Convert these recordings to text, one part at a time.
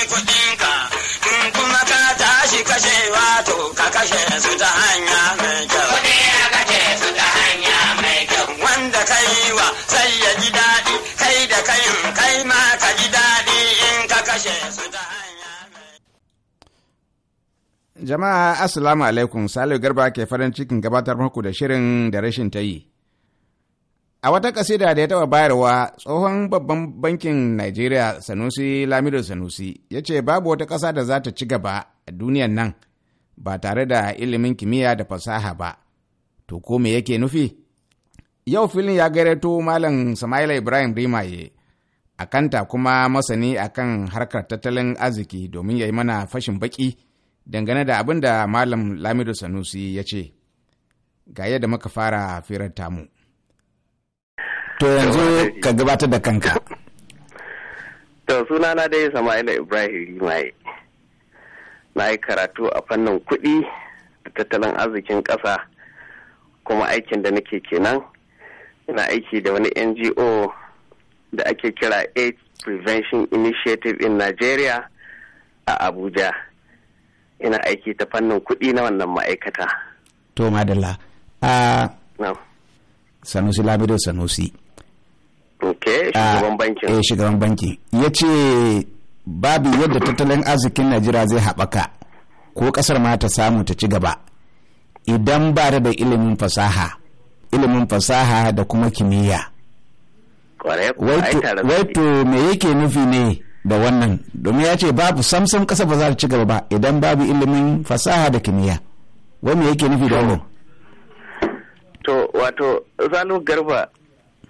sami kuɗinka in kuma ka tashi kashe wato ka kashe su ta hanya mai kyau. Wanda ka yi wa sai ya ji daɗi kai da kayin kai ma ka ji daɗi in ka kashe su ta hanya Jama'a Assalamu alaikum Salihu Garba ke farin cikin gabatar muku da shirin da rashin ta yi. A wata kasida da ya taɓa bayarwa tsohon babban bankin Najeriya Sanusi Lamido Sanusi ya ce babu wata ƙasa da za ta ci gaba a duniyan nan ba tare da ilimin kimiyya da fasaha ba. To ko me yake nufi? Yau filin ya gayyato Malam Samaila Ibrahim Rimaye a kanta kuma masani a kan harkar tattalin arziki domin ya yi mana fashin baki dangane da abin da Malam Lamido Sanusi ya ce. Ga yadda muka fara firar tamu. To yanzu ka gabatar da kanka. To sunana dai Sama'ila Ibrahim Rimaye. Na yi karatu a fannin kuɗi da tattalin arzikin ƙasa kuma aikin da nake kenan. Ina aiki da wani NGO da ake kira AIDS Prevention Initiative in Nigeria a Abuja. Ina aiki ta fannin kuɗi na wannan ma'aikata. To madalla. Uh, ah, no. Sanusi Lamido Sanusi. ce eh, ah, shugaban bankin eh shugaban banki ya ce babu yadda tattalin arzikin najeriya zai haɓaka ko ƙasar ma ta samu ta ci gaba idan ba da ilimin fasaha ilimin fasaha da kuma kimiyya wato me yake nufi ne da wannan domin ya ce babu samsam ƙasa ba za ta ci gaba ba idan babu ilimin fasaha da kimiyya wani yake nufi da wannan to wato zalo garba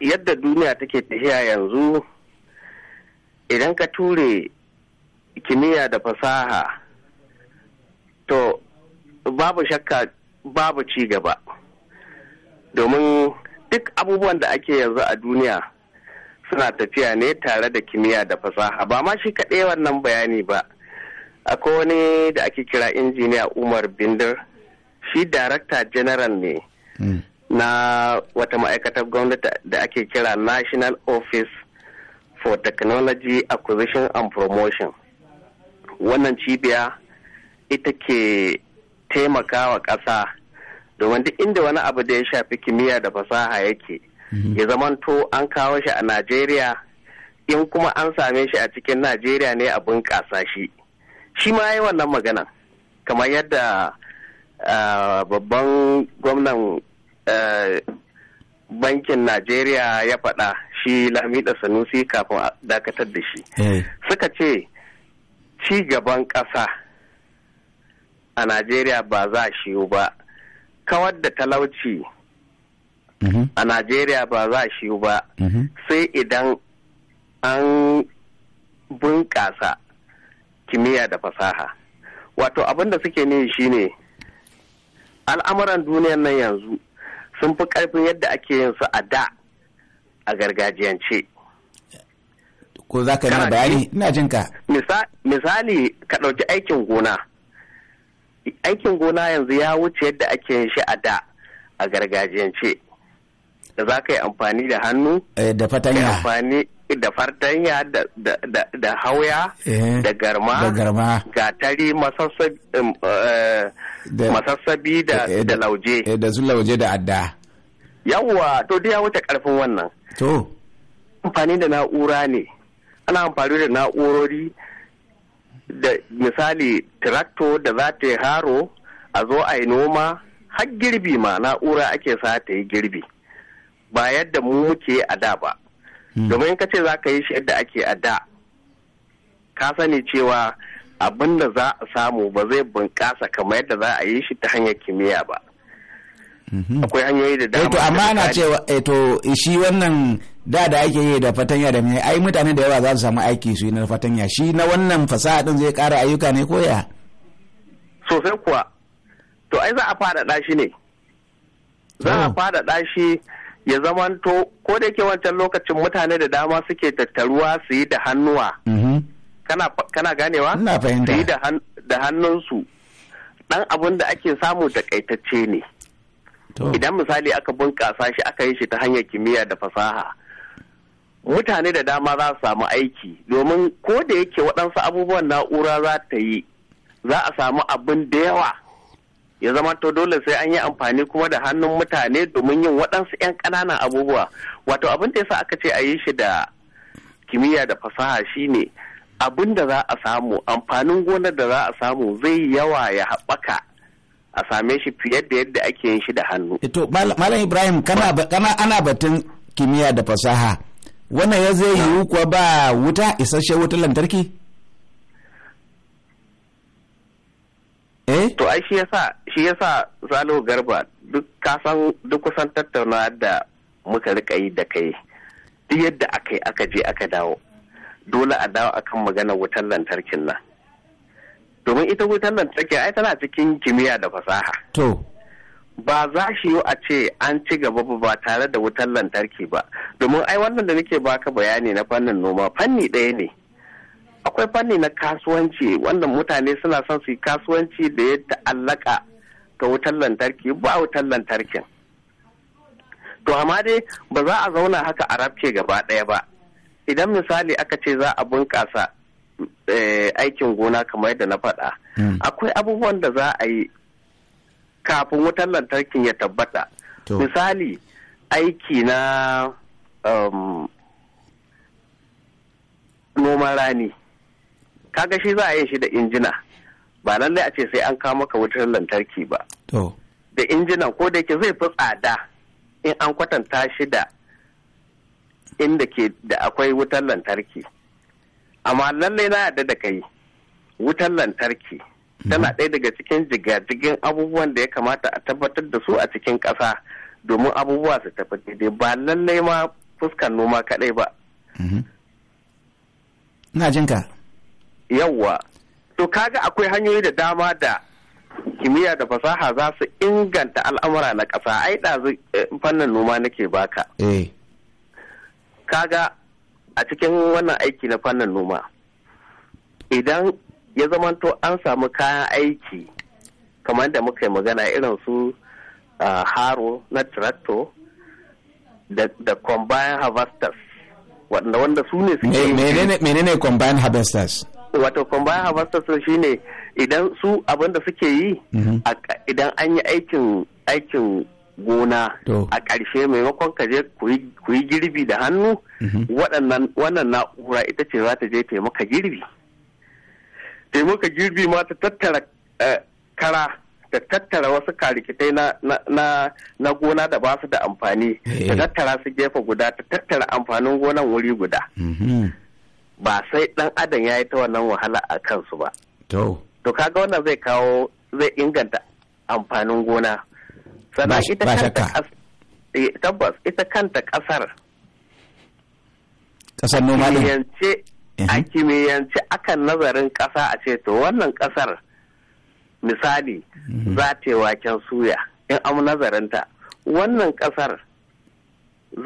yadda duniya take tafiya yanzu idan ka ture kimiyya da fasaha to babu shakka babu ci gaba domin duk abubuwan da ake yanzu a duniya suna tafiya ne tare da kimiyya da fasaha ba ma shi kaɗai wannan bayani ba akwai wani da ake kira injiniya umar bindir shi darakta general ne hmm. na wata ma'aikatar gwamnati da ake kira National Office for Technology Acquisition and Promotion. Wannan cibiya ita ke taimakawa ƙasa domin duk inda wani abu da ya shafi kimiyya da fasaha yake mhm. ya zamanto an kawo shi a Najeriya in kuma an same shi a cikin Najeriya ne a bunƙasa shi. Shi ma yi wannan magana. kamar yadda ah, babban gwamnan Eh, bankin najeriya ya faɗa shi lamida sanusi kafin a dakatar da shi eh. suka ce ci gaban ƙasa a najeriya ba za shi ba kawar da talauci mhm. a najeriya ba za shi ba mhm. sai idan an bunƙasa kimiyya da fasaha wato abin da suke ne shi ne al'amuran duniyar nan yanzu sun fi karfin yadda ake yin su a da a gargajiyance ko za ka yi na bayani ina jin ka misali ka ɗauki aikin gona aikin gona yanzu ya wuce yadda ake yin shi a da a gargajiyance da za ka yi amfani da hannu eh, da fatanya da fartanya da hauya eh, da garma gatari um, eh, masassabi da eh, lauje da su lauje da adda yawwa to dai ya wuce karfin wannan to amfani da na'ura ne ana amfani da na'urori da misali tirakto da za ta yi haro a zo a yi noma har girbi ma na'ura ake sa ta yi girbi ba yadda mu muke a da ba domin in ka ce za ka yi shi yadda ake a da ka sani cewa abin da za a samu ba zai bunƙasa kamar yadda za a yi shi ta hanyar kimiyya ba mhm. akwai hanyoyi da dama eh, amma ana cewa eto eh, shi wannan da da ake yi da fatanya da mai ai mutane da yawa za su samu aiki su yi na fatanya shi na wannan fasaha din zai ƙara ayyuka ne ko ya sosai kuwa to ai za a fada shi ne za a oh. fada shi ya zamanto ko da yake wancan lokacin mutane da dama suke tattaruwa su yi da hannuwa mhm. kana ganewa su yi da hannunsu dan abin da ake samu takaitacce ne idan misali aka bunƙasa shi aka yi shi ta hanyar kimiyya da fasaha mutane da dama za su samu aiki domin ko da yake waɗansu abubuwan na'ura za ta yi za a samu abin da yawa ya zama to dole sai an yi amfani kuma da hannun mutane domin yin waɗansu 'yan ƙananan abubuwa wato abin da yasa aka ce a yi shi da kimiyya da fasaha shine abin da za a samu amfanin gonar da za a samu zai yawa ya haɓaka a same shi fiye da yadda ake yin shi da hannu. Eh, to Malam Ibrahim kana ana batun kimiyya da fasaha wannan ya zai yiwu kuwa ba wuta isasshen wutar lantarki? Eh? to ai shi yasa shi yasa zalo Garba duk san duk kusan tattaunawa da muka rika yi da kai duk yadda aka yi aka je aka dawo dole a dawo akan magana wutar lantarkin nan domin ita wutar lantarki ai tana cikin kimiyya da fasaha to ba za shi yi a ce an ci gaba ba tare da wutar lantarki ba domin ai wannan da nake baka bayani na fannin noma fanni ɗaya ne akwai fanni na kasuwanci wanda mutane suna son su yi kasuwanci da ya ta'allaka ga wutar lantarki ba wutar lantarkin to amma dai ba za a zauna haka a rafke gaba ɗaya ba idan misali aka ce za a bunƙasa eh, aikin gona kamar yadda na faɗa hmm. akwai abubuwan da za a yi kafin wutar lantarkin ya tabbata misali aiki na um, noman rani kaga shi za a yi shi da injina ba lallai a ce sai an kawo maka wutar lantarki ba da injinan ko da yake zai fi tsada in an kwatanta shi da inda ke da akwai wutar lantarki amma lallai na yadda da kai wutar lantarki tana mhm. ɗaya daga cikin jigajigin abubuwan da ya kamata a tabbatar da su a cikin ƙasa domin abubuwa su tafi daidai ba lallai ma fuskan noma kaɗai ba. Mhm. Ina jinka. yawwa to kaga akwai hanyoyi da dama da kimiyya da fasaha za su inganta al'amura na ƙasa ai ɗazu eh, fannin noma nake baka eh. kaga a cikin wannan aiki na fannin noma idan ya zamanto an samu kayan aiki kamar da muka yi magana irin su haro na tractor da combine harvesters wanda su ne suke menene combine harvesters wato combined shi shine idan su abin da suke yi mhm. idan an yi aikin aikin gona a ƙarshe maimakon ka je ku yi girbi da hannu mhm. wannan na'ura ita ce za ta je taimaka girbi taimaka girbi ma ta tattara eh, kara ta tattara wasu karikitai na gona da ba su da amfani ta eh. tattara su gefe guda ta tattara amfanin gonan wuri guda mhm. ba sai dan adam ya yi ta wannan wahala a kansu ba to to kaga wannan zai kawo zai inganta amfanin gona sana ita kanta eh, tabbas ita kanta kasar kasar noma ne a mhm. kimiyyance akan nazarin kasa a ce to wannan kasar misali mhm. za ta yi waken suya in am nazarinta wannan kasar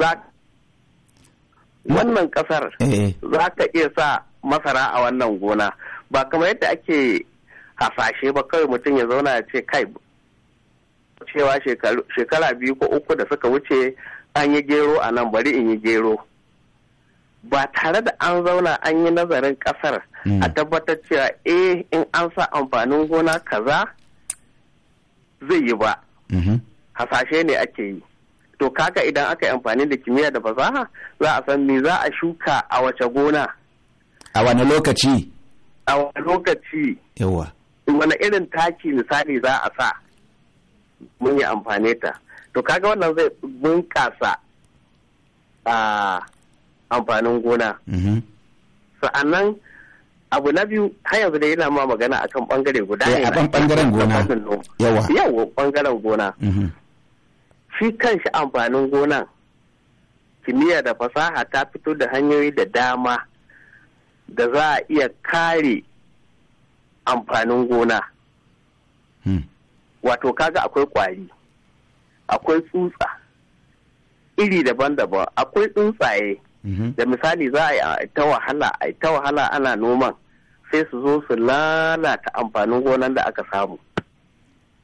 za wannan kasar eh. za ka iya sa masara a wannan gona ba kamar yadda ake hasashe ba kawai mutum ya zauna ya ce kai cewa shekara biyu ko uku da suka wuce an yi gero a nan bari in yi gero ba tare da an zauna an yi nazarin kasar hmm. a tabbatar cewa eh in an sa amfanin gona kaza zai yi ba mhm. hasashe ne ake yi to kaka idan aka yi amfani da kimiyya da fasaha za a san me za a shuka a wace gona a wani lokaci a wani lokaci yawa wani irin taki misali za a sa mun yi amfani ta to kaga wannan zai bunkasa a amfanin gona mm-hmm. sa'annan abu na biyu har yanzu da yana ma magana akan bangare guda eh, ne a kan bangaren gona yawa yawa bangaren gona mm-hmm. shi kanshi amfanin gonan kimiyya da fasaha ta fito da hanyoyi da dama da za a iya kare amfanin gona hmm. wato kaga akwai kwari akwai tsutsa iri daban-daban akwai tsuntsaye mm-hmm. da misali za a yi ta wahala a ta wahala ana noman sai su zo su lalata amfanin gonan da aka samu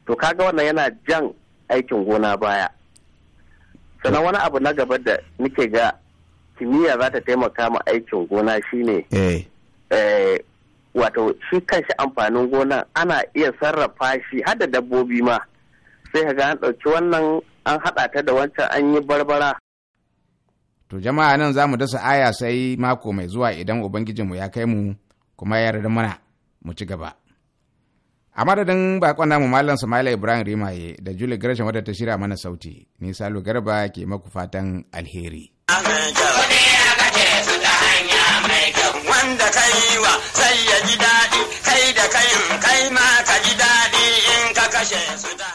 to kaga wannan yana jan aikin gona baya sannan wani abu na gaba da nake ga kimiyya za ta taimaka ma aikin gona shine eh. Eh, wato shi kanshi amfanin gona ana iya sarrafa shi har da dabbobi ma sai ga an ɗauki wannan an haɗa ta da wancan an yi barbara To jama'a nan za mu dasa aya sai mako mai zuwa idan Ubangijinmu ya kai mu kuma ya yarda mana mu ci gaba. a madadin bakon namu malam Sumaila Ibrahim Rimaye da Julie Gresham wadda ta shirya mana sauti ni Salo Garba ke maku fatan alheri kai kai ma ji daɗi in ka kashe su